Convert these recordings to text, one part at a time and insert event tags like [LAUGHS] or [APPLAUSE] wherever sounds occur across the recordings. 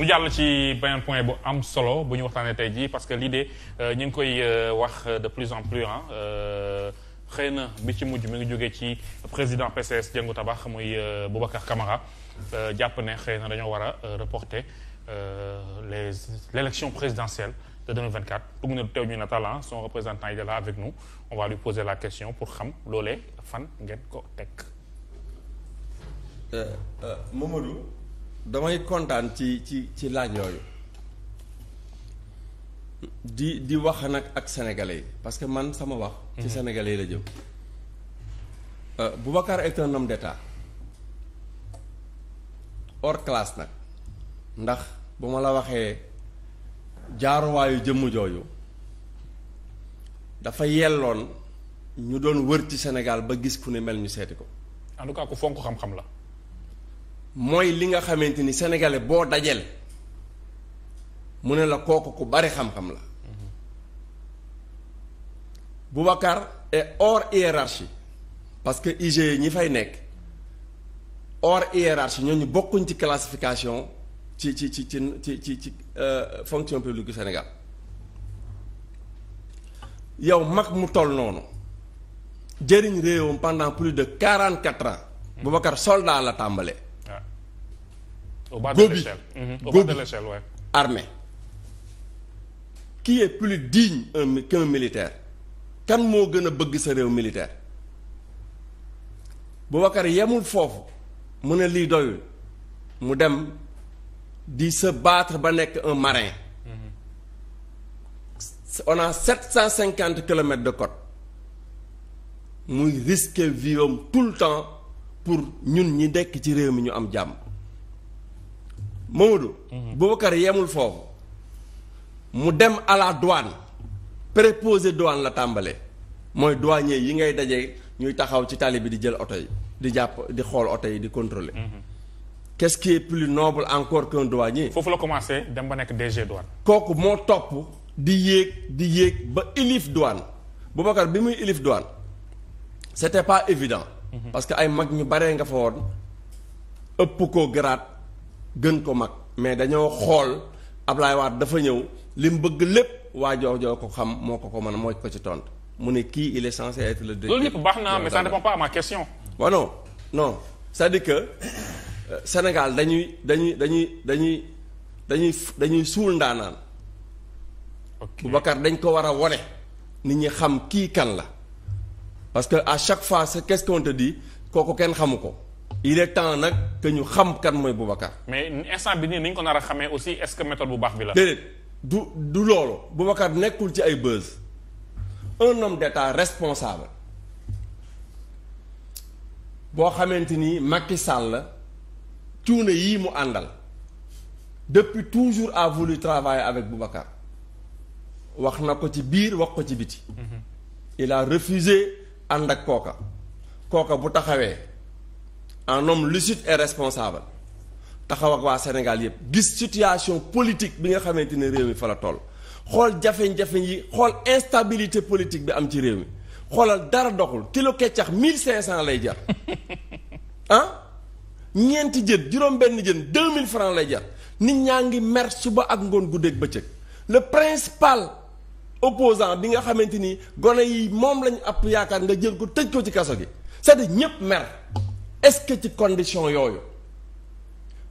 ñu jàll ci beneen point bu am solo bu ñu waxtaanee tey jii parce que l'idée euh, ñu ngi koy euh, wax de plus en plus ah xëy na bi ci mujj mi ngi jógee ci président PCS Jëngu Tabax muy Boubacar Camara jàpp ne xëy na dañoo war a reporter les l'élection présidentielle de 2024 dugg na teew ñu na talent son représentant yi de là avec nous on va lui poser la question pour xam loole fan ngeen ko teg. damay kontaan ci ci ci laaj yooyu di di wax nag ak sénégalais yi parce que man sama wax. ci mhm. sénégalais yi la jëm. Euh, Boubacar est un homme d'état hors nag ndax bu ma la waxee jaaruwaayu jëmm jooju dafa yelloon ñu doon wër ci Sénégal ba gis ku ne mel ñu seeti ko. en tout fonk xam-xam la. mooy li nga xamante ni sénégalais boo dajel mu ne la kooku ku bari xam-xam la Boubacar est hors hiérarchie parce que IGE ñi fay nekk or hors hiérarchie ñooñu bokkuñ ci classification ci ci ci ci ci ci ci euh, fonction publique du Sénégal yow mag mu toll noonu jëriñ réewam pendant plus de quarante quatre ans Boubacar soldat la tàmbale au bas de l'échelle mhm. au bas de l'échelle ouais. armée qui est militaire kan moo gën a bëgg sa réew militaire Boubacar yemul foofu mu ne lii doyul mu dem di se battre ba nekk un marin mhm. on a sept cent cinquante kilomètres de côte muy risque viom am tout le temps pour ñun ñi dekk ci réew mi ñu am jàmm Mamadou. Mhm. Boubacar yemul foofu mu dem à la douane préposé douane la tàmbale mooy douanier yi ngay daje ñuy taxaw ci tali bi di jël oto yi di jàpp di xool oto yi di contrôler. Mhm. qu'est-ce plus noble encore qu'un douanier. foofu la commencé dem ba nekk DG douane. kooku moo topp di yéeg di yéeg ba ilif douane Boubacar bi muy ilif douane c'était pas évident. Mhm. parce que ay mag ñu baree nga fa woon ëpp ko garaat. gën ko mag mais dañoo xool Ablaye Wade dafa ñëw li mu bëgg lépp waa joojoo ko xam moo ko ko mën mooy ko ci tontu mu ne kii il est censé être le deuxième. loolu yëpp baax na mais ça ne répond pas à ma question. waaw non non c'est-à-dire que euh, Sénégal dañuy dañuy dañuy dañuy dañuy dañuy suul ndaanaan. Boubacar dañ ko war a wone nit ñi xam kii kan la parce que à chaque fois qu'est-ce qu'on te dit kooku kenn xamu ko. il est temps nag que ñu xam kan mooy Boubacar. mais instant bi nii ni ko nar a xamee aussi est-ce que méthode bu baax bi la. déedéet du du loolu Boubacar nekkul ci ay buzz un nom d'État responsable boo xamante ni Macky Sall cuune yii mu àndal depuis toujours a voulu travailler avec Boubacar wax na ko ci biir wax ko ci biti. Mhm. il a refusé ànd ak kooka kooka bu taxawee. en homme lucide et responsable taxaw ak waa Sénégal yëpp gis situation politique bi nga xamante ne réew mi fa la toll xool jafe-jafe yi xool instabilité politique bi am ci réew mi xoolal dara doxul kilo keccax mille cinq 1500 lay jar [LAUGHS] ah ñeenti jën juróom-benn jën mille francs lay jar nit ñaa ngi mer suba ak ngoon guddeeg bëccëg le principal opposant bi nga xamante ni gone yi moom lañ app yaakaar nga jël ko tëj ko ci kaso gi c'est-à-dire ñëpp mer. est-ce que ci condition yooyu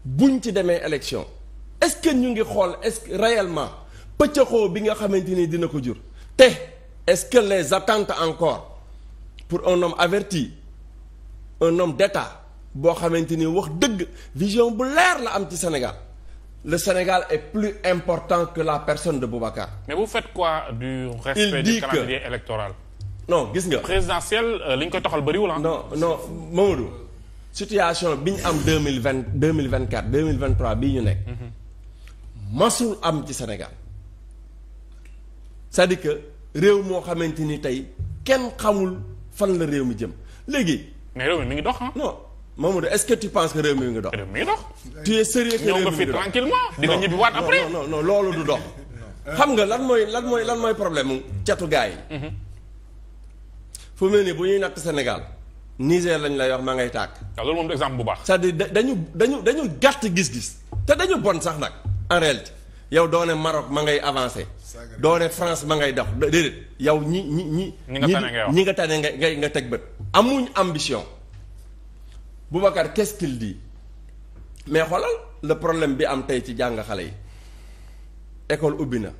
buñ ci demee élection est-ce que ñu ngi xool est-ce que pëccëxoo bi nga xamante ni dina ko jur te est-ce que les attentes encore pour un homme averti un homme d'État boo xamante ni wax dëgg vision bu leer la am ci Sénégal le Sénégal est plus important que la personne de Boubacar. mais vous faites quoi du respect du calendrier électoral. non gis nga présidentiel euh, li ñu koy toxal bariwula ah. non non Mamadou. situation bi ñu am deux mille vingt deux mille vingt quatre deux mille vingt trois bii ñu nekk. masul am ci senegal cest à réew moo xamante ni tey kenn xamul fan la réew mi jëm léegi. mais réew mi mi ngi dox ah. non Mamadou est-ce que tu réew mi ngi dox. réew mi ngi dox. tu es sérieux que réew mi ngi dox tranquillement di nga ñibbi waat après non non loolu du dox. xam nga lan mooy lan mooy lan mooy problème mu catu gaay yi. Mhm. fu mu ne nii bu ñuy natt senegal Niger lañu lay wax ma ngay tàkk. waaw loolu moom du exemple bu baax. cest à dañu dañu dañu gàtt gis-gis te dañu bon sax nag en réalité yow doo ne ma ngay avancé. doo ne France ma ngay dox déedéet yow ñi ñi ñi. ñi nga tane ngay wax ñi nga tane ngay nga teg bët. amuñ ambition Boubacar qu'est-ce qu'il dit mais xoolal le problème bi am tey ci jàng xale yi école ubbi na.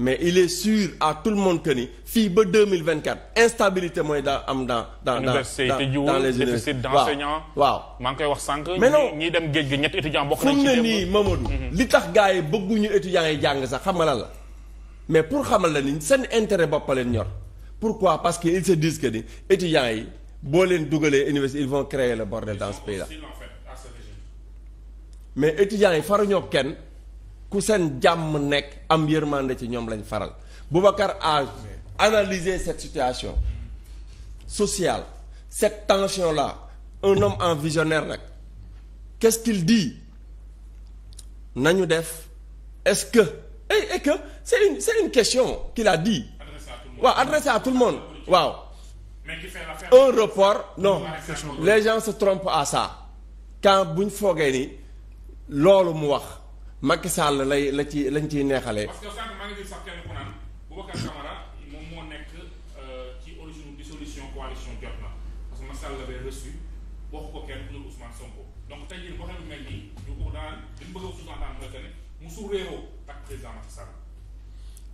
mais il est sûr à tout le monde que ni fii ba deux mille vingt quatre instabilité mooy daa am dans. dans dans dans les déficit d'enseignants waaw maa koy wax sànq. mais non dem géej gi ñetti étudiants bokk nañ ci. ne nii Mamadou. Mhm. li tax gars yi bëgguñu étudiants yi jàng sax xam nga lan la mais pour xamal la ni seen intérêt bopp leen ñor pour quoi que ils se disent que ni étudiants yi boo leen dugalee université ils vont créer le bordel dans ce pays mais étudiants yi faruñoo kenn. ku seen jàmm nekk am yërmande ci ñoom lañ faral Boubacar a analysé cette situation sociale cette tension là un homme en visionnaire nag qu'est-ce qu'il nañu def est-ce que que c'est une c'est une question qu'il a dit waaw adressé à tout le monde waaw un report non les gens se trompent à ça buñ foogee ni loolu mu wax Macky Sall lay la ci lañ ciy neexalee. parce que nekk euh, ci origine dissolution coalition jot na parce que Macky ko kenn ku dul Ousmane Sonko donc tey jii boo xam ne mel nii mu bëgg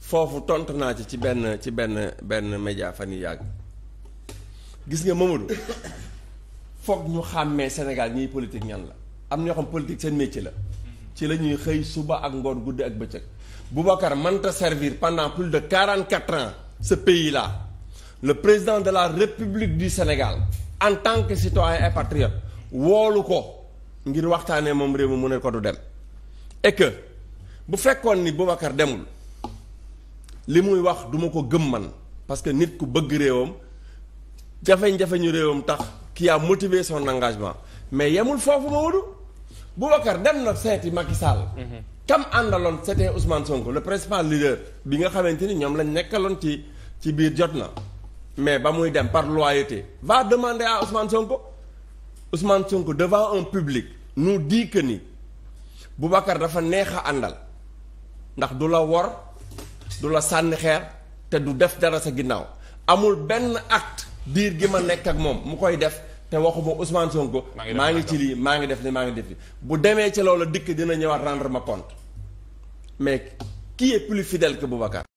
foofu tontu naa ci ci benn ci benn benn média fan yàgg gis nga Mamadou foog ñu xàmmee senegal ñiy politique ñan la am ñoo xam politique seen métier la. ci la ñuy xëy suba ak ngoon guddi ak bëccëg Boubacar mënta servir pendant plus de quarante quatre ans ce pays là le président de la République du Sénégal en tant que citoyen et patriote woolu ko ngir waxtaanee moom réew mi mu ne ko du dem et que bu fekkoon ni Boubacar demul li muy wax duma ko gëm man parce que nit ku bëgg réewam jafeñ jafe ñu réewam tax qui a motivé son engagement mais yemul foofu ma wudu Boubacar dem na seeti Macky Sall. Mhm. kam àndaloon c'était Ousmane Sonko le principal leader bi nga xamante ni ñoom lañ nekkaloon ci ci biir jot na mais ba muy dem par loyauté va demander à Ousmane Sonko Ousmane Sonko devant un public nu dit que ni Boubacar dafa neex a àndal ndax du la wor du la sànni xeer te du def dara sa ginnaaw amul benn acte diir gi ma nekk ak moom mu koy def te waxuma Ousmane Sonko. maa ngi ci lii maa ngi def li maa ngi def li bu demee ci loolu dikk dina ñëwaat rendre ma compte mais qui li plus fidèle bu Boubacar.